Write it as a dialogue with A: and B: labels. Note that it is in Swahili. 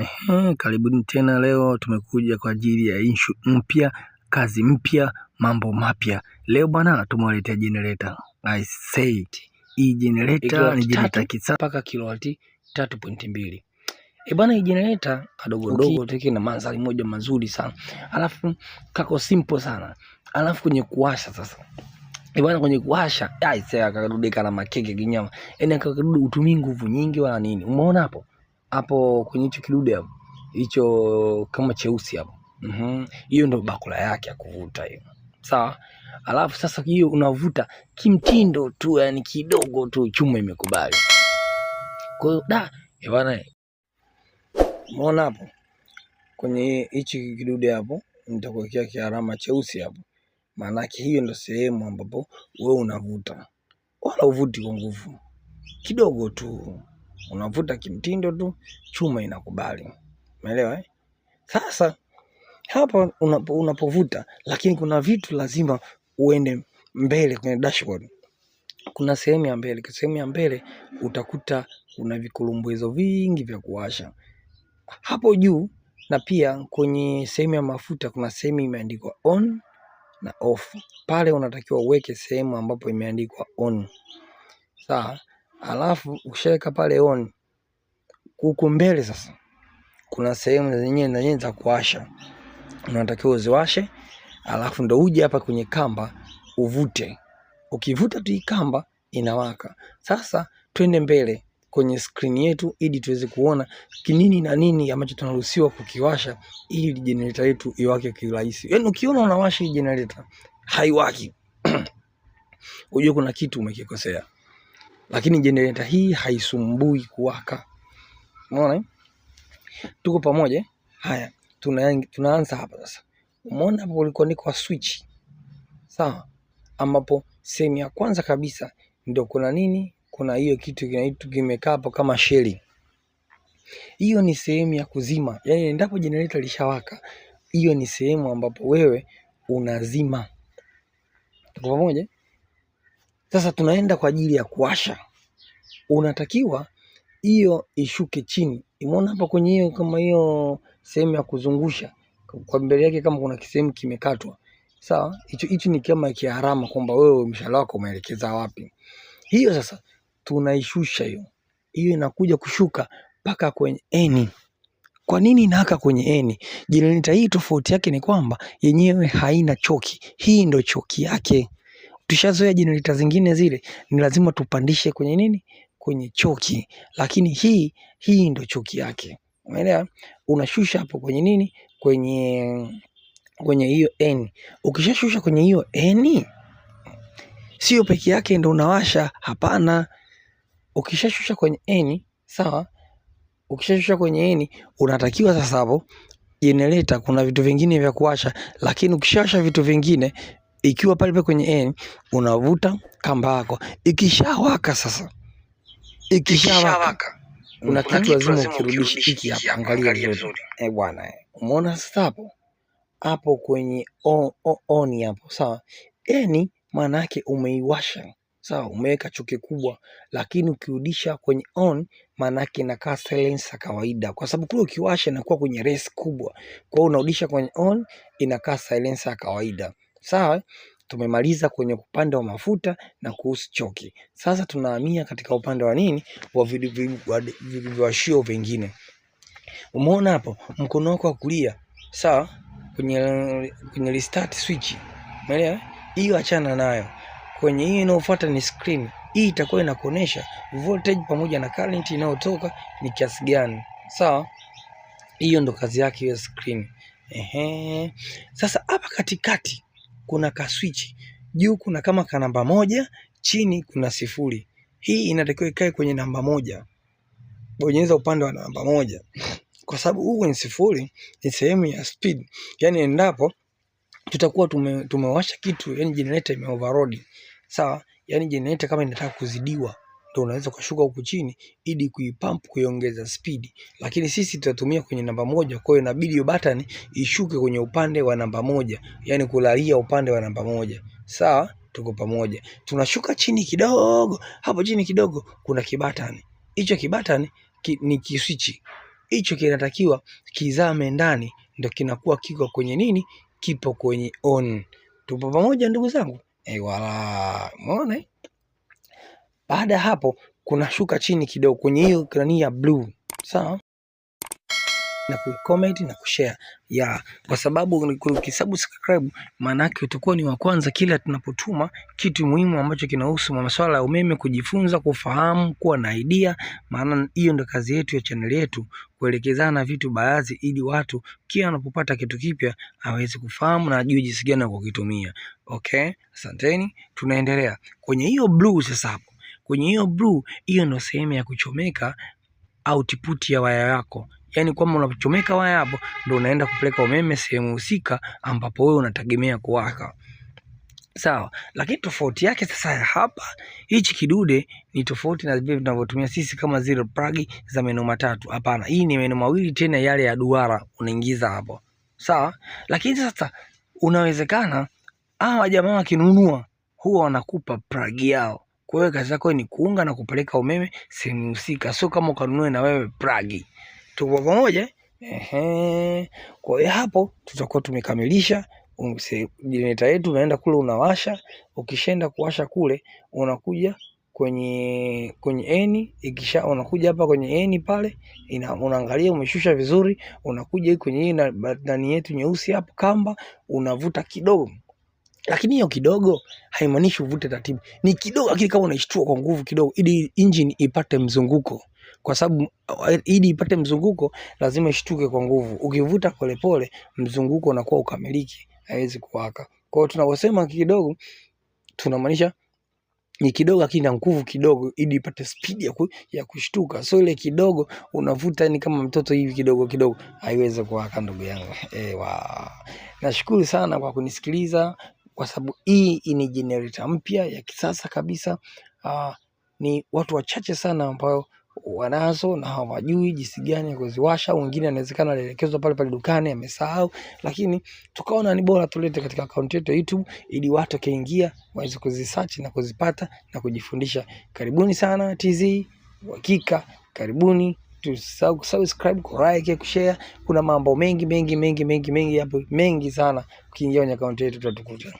A: Ehe, karibuni tena leo tumekuja kwa ajili ya inshu mpya, kazi mpya, mambo mapya. Leo bwana tumewaletea generator. I said, hii generator ni generator kisasa
B: mpaka kilowati 3.2. E bwana, hii generator kadogo dogo tiki na mandhari moja mazuri sana. Alafu kako simple sana. Alafu kwenye kuwasha sasa. E bwana, kwenye kuwasha, I sasa akarudika na makeke kinyama. Yaani kakarudi utumii nguvu nyingi wala nini. Umeona hapo? hapo kwenye hicho kidude hapo hicho kama cheusi hapo mhm. hiyo mm -hmm. Ndo bakula yake ya kuvuta hiyo, sawa. Alafu sasa hiyo unavuta kimtindo tu, yani kidogo tu, chuma imekubali. Kwa hiyo da bwana, umeona hapo kwenye hichi kidude hapo nitakuwekea kialama cheusi hapo, maanake hiyo ndo sehemu ambapo wewe unavuta, wala uvuti kwa nguvu, kidogo tu unavuta kimtindo tu, chuma inakubali. Umeelewa eh? Sasa hapa unapo, unapovuta lakini kuna vitu lazima uende mbele kwenye dashboard. Kuna sehemu ya mbele, sehemu ya mbele utakuta kuna vikulumbwezo vingi vya kuwasha hapo juu, na pia kwenye sehemu ya mafuta kuna sehemu imeandikwa on na off. Pale unatakiwa uweke sehemu ambapo imeandikwa on, sawa alafu ukishaweka pale on, huku mbele sasa kuna sehemu zenyewe na zenyewe za kuwasha, unatakiwa uziwashe, alafu ndo uje hapa kwenye kamba uvute. Ukivuta tu kamba inawaka. Sasa twende mbele kwenye skrini yetu ili tuweze kuona kinini na nini ambacho tunaruhusiwa kukiwasha ili jenereta yetu iwake kiurahisi. Yaani ukiona unawasha hii jenereta haiwaki, ujue kuna kitu umekikosea lakini jenereta hii haisumbui kuwaka. Umeona, eh? tuko pamoja. Haya, tunaanza hapa sasa. Umeona hapo niko switch, sawa, ambapo sehemu ya kwanza kabisa ndio kuna nini, kuna hiyo kitu kinaitwa kimekaa hapo kama sheli. Hiyo ni sehemu ya kuzima, yaani endapo jenereta lishawaka, hiyo ni sehemu ambapo wewe unazima. Tuko pamoja. Sasa tunaenda kwa ajili ya kuwasha, unatakiwa hiyo ishuke chini. Imeona hapa kwenye hiyo kama hiyo sehemu ya kuzungusha kwa mbele yake, kama kuna kisehemu kimekatwa, sawa, hicho hichi ni kama kiharama kwamba wewe mshahara wako umeelekeza wapi. Hiyo sasa tunaishusha hiyo, hiyo inakuja kushuka mpaka kwenye eni. Kwa nini inaaka kwenye eni? Jenereta hii tofauti yake ni kwamba yenyewe haina choki, hii ndo choki yake tushazoea jenereta zingine zile ni lazima tupandishe kwenye nini? Kwenye choki. Lakini hii hii ndo choki yake. Umeelewa? Unashusha hapo kwenye nini? Kwenye kwenye hiyo n. Ukishashusha kwenye hiyo n, sio peke yake ndo unawasha, hapana. Ukishashusha kwenye n, sawa? Ukishashusha kwenye n, unatakiwa sasa hapo jenereta kuna vitu vingine vya kuwasha, lakini ukishawasha vitu vingine ikiwa pale pale kwenye n unavuta kamba yako, ikishawaka sasa, ikishawaka kuna kitu lazima ukirudishe hiki hapa.
A: Angalia vizuri
B: eh bwana, eh umeona sasa hapo hapo kwenye on, hapo sawa. N maana yake umeiwasha sawa, umeweka chuki kubwa, lakini ukirudisha kwenye on maana yake inakaa silencer kawaida, kwa sababu kule ukiwasha inakuwa kwenye race kubwa. Kwa hiyo unarudisha kwenye on inakaa silence kawaida. Sawa, tumemaliza kwenye upande wa mafuta na kuhusu choki. Sasa tunahamia katika upande wa nini, wa viwashio vingine. Umeona hapo mkono wako wa kulia, sawa, kwenye kwenye restart switch, umeelewa? Hiyo achana nayo. Kwenye hiyo inayofuata ni screen. Hii itakuwa inakuonesha voltage pamoja na current inayotoka ni kiasi gani, sawa. Hiyo ndo kazi yake hiyo screen. Ehe. Sasa hapa katikati kuna kaswichi juu, kuna kama ka namba moja, chini kuna sifuri. Hii inatakiwa ikae kwenye namba moja, bonyeza upande wa namba moja, kwa sababu huu ni sifuri, ni sehemu ya speed. Yani endapo tutakuwa tume, tumewasha kitu yani generator ime overload sawa, yani generator kama inataka kuzidiwa ndio unaweza ukashuka huku chini ili kuipump kuiongeza spidi, lakini sisi tutatumia kwenye namba moja. Kwa hiyo inabidi hiyo button ishuke kwenye upande wa namba moja, yani kulalia upande wa namba moja. Sawa, tuko pamoja. Tunashuka chini kidogo, hapo chini kidogo kuna kibatani. Hicho kibatani ki, ni kiswitch hicho kinatakiwa kizame ndani, ndio kinakuwa kiko kwenye nini, kipo kwenye on. Tupo pamoja ndugu zangu, ewala, eh, mwona baada ya hapo, kunashuka chini kidogo kwenye hiyo krani ya blue, sawa na comment na kushare ya kwa sababu ukisubscribe, maana yake utakuwa ni wa kwanza kila tunapotuma kitu muhimu ambacho kinahusu masuala ya umeme, kujifunza, kufahamu, kuwa na idea. Maana hiyo ndo kazi yetu ya chaneli yetu, kuelekezana vitu baadhi, ili watu kila anapopata kitu kipya aweze kufahamu na ajue jinsi gani ya kukitumia. Okay, asanteni, tunaendelea kwenye hiyo blue sasa hapo Kwenye hiyo bluu, hiyo ndio sehemu ya kuchomeka output ya waya yako, yaani kwamba unachomeka waya hapo ndio unaenda kupeleka umeme sehemu husika ambapo wewe unategemea kuwaka. Sawa, lakini tofauti yake sasa ya hapa, hichi kidude ni tofauti na vile tunavyotumia sisi kama zero plug za meno matatu. Hapana, hii ni meno mawili tena yale ya duara unaingiza hapo. Sawa, lakini sasa unawezekana hawa jamaa wakinunua huwa wanakupa plug yao kwa hiyo kazi yako ni kuunga na kupeleka umeme sehemu husika, sio kama ukanunue na wewe plagi. Tupo pamoja? Ehe. Kwa hiyo hapo tutakuwa tumekamilisha jenereta um, yetu, unaenda kule unawasha. Ukishaenda kuwasha kule, unakuja kwenye kwenye eni, ikisha unakuja hapa kwenye eni pale ina, unaangalia umeshusha vizuri, unakuja kwenye hii ndani yetu nyeusi hapo, kamba unavuta kidogo lakini hiyo kidogo haimaanishi uvute taratibu, ni kidogo, lakini kama unaishtua kwa nguvu kidogo, ili engine ipate mzunguko, kwa sababu ili ipate mzunguko lazima ishtuke kwa nguvu. Ukivuta polepole, mzunguko unakuwa ukamiliki, haiwezi kuwaka. Kwa hiyo tunaposema kidogo, tunamaanisha ni kidogo lakini na nguvu kidogo, ili ipate speed ya, ku, ya kushtuka. So ile kidogo unavuta ni kama mtoto hivi kidogo kidogo, haiwezi kuwaka ndugu yangu. Ewa, eh, nashukuru sana kwa kunisikiliza kwa sababu hii ni generator mpya ya kisasa kabisa. Uh, ni watu wachache sana ambao wanazo na hawajui jinsi gani ya kuziwasha. Wengine anawezekana alielekezwa pale pale dukani amesahau, lakini tukaona ni bora tulete katika akaunti yetu ya YouTube ili watu wakiingia waweze kuzisearch na kuzipata na kujifundisha. Karibuni sana TZ, uhakika karibuni tusisahau kusubscribe, kulike, kushare. Kuna mambo mengi mengi mengi mengi mengi hapo mengi sana, ukiingia kwenye akaunti yetu tutakukuta.